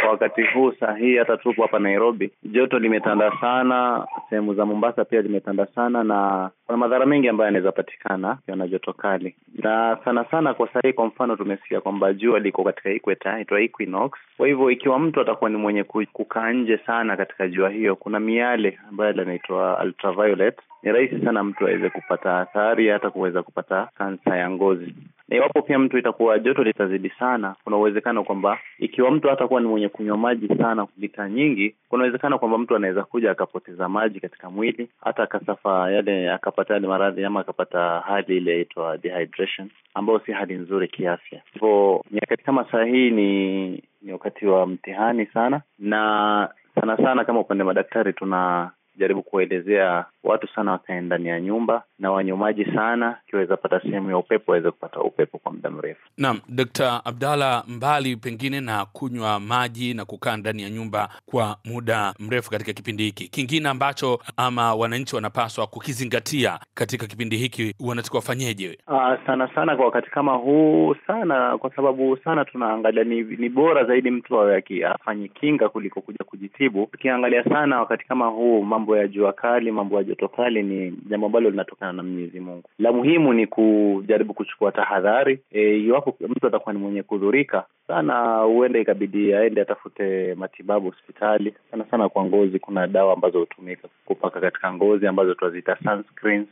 Kwa wakati huu sahihi, hata tupo hapa Nairobi, joto limetanda sana, sehemu za Mombasa pia zimetanda sana, na kuna madhara mengi ambayo yanaweza patikana na joto kali, na sana sana kwa sahihi. Kwa mfano, tumesikia kwamba jua liko katika ikweta, inaitwa equinox. Kwa hivyo, ikiwa mtu atakuwa ni mwenye kukaa nje sana katika jua hiyo, kuna miale ambayo inaitwa ultraviolet ni rahisi sana mtu aweze kupata athari hata kuweza kupata kansa ya ngozi. Na iwapo pia mtu itakuwa joto litazidi sana, kuna uwezekano kwamba ikiwa mtu hatakuwa ni mwenye kunywa maji sana, lita nyingi, kuna uwezekano kwamba mtu anaweza kuja akapoteza maji katika mwili, hata akasafa yale, akapata yale maradhi ama akapata hali ile yaitwa dehydration, ambayo si hali nzuri kiafya. Hivyo nyakati kama saa hii ni ni wakati wa mtihani sana, na sana sana kama upande madaktari tuna jaribu kuelezea watu sana wakae ndani ya nyumba na wanyumaji sana, kiweza pata sehemu ya upepo waweze kupata upepo kwa muda mrefu. Naam, Dkt. Abdalla, mbali pengine na kunywa maji na kukaa ndani ya nyumba kwa muda mrefu katika kipindi hiki, kingine ambacho ama wananchi wanapaswa kukizingatia katika kipindi hiki wanatakiwa wafanyeje? Ah, sana sana kwa wakati kama huu sana, kwa sababu sana tunaangalia ni, ni bora zaidi mtu awe afanye kinga kuliko kuja kujitibu. Tukiangalia sana wakati kama huu mambo mambo ya jua kali, mambo ya joto kali ni jambo ambalo linatokana na Mwenyezi Mungu. La muhimu ni kujaribu kuchukua tahadhari. E, iwapo e, mtu atakuwa ni mwenye kudhurika sana, huenda ikabidi aende atafute matibabu hospitali. Sana sana kwa ngozi, kuna dawa ambazo hutumika kupaka katika ngozi ambazo tunaziita sunscreens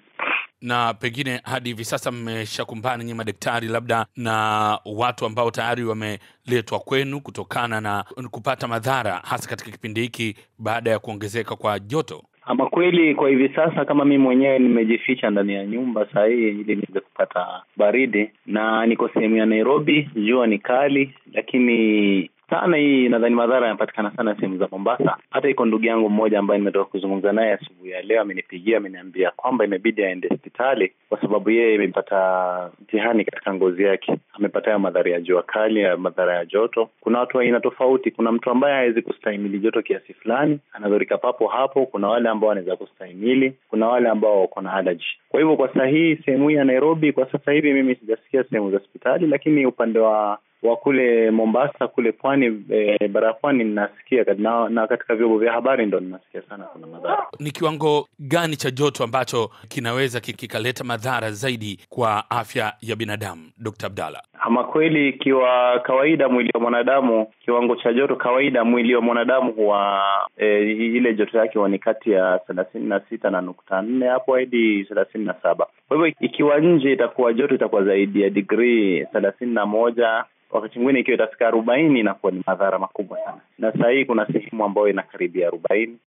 na pengine hadi hivi sasa mmeshakumbana nyi madaktari, labda na watu ambao tayari wameletwa kwenu kutokana na kupata madhara, hasa katika kipindi hiki baada ya kuongezeka kwa joto? Ama kweli kwa hivi sasa, kama mi mwenyewe nimejificha ndani ya nyumba sahihi ili niweze kupata baridi, na niko sehemu ya Nairobi, jua ni kali, lakini sana hii, nadhani madhara yanapatikana sana sehemu za Mombasa. Hata iko ndugu yangu mmoja ambaye nimetoka kuzungumza naye asubuhi ya leo, amenipigia ameniambia kwamba imebidi aende hospitali kwa sababu yeye imepata mtihani katika ngozi yake, amepata ya madhara ya jua kali, ya madhara ya joto. Kuna watu aina tofauti. Kuna mtu ambaye hawezi kustahimili joto kiasi fulani, anadhurika papo hapo. Kuna wale ambao wanaweza kustahimili, kuna wale ambao wako na allergy. Kwa hivyo kwa sahihi sehemu hii ya Nairobi kwa sasa hivi mimi sijasikia sehemu za hospitali, lakini upande wa wa kule Mombasa kule pwani e, bara ya pwani ninasikia na, na katika vyombo vya habari ndo ninasikia sana kuna madhara. Ni kiwango gani cha joto ambacho kinaweza kikaleta madhara zaidi kwa afya ya binadamu, Dkt. Abdalla? Ama kweli, ikiwa kawaida mwili wa mwanadamu kiwango cha joto kawaida mwili wa mwanadamu huwa e, ile joto yake huwa ni kati ya thelathini na sita na nukta nne hapo hadi thelathini na saba. Kwa hivyo ikiwa nje itakuwa joto itakuwa zaidi ya digrii thelathini na moja wakati mwingine ikiwa itafika arobaini inakuwa ni madhara makubwa sana, na sahii hii kuna sehemu ambayo inakaribia arobaini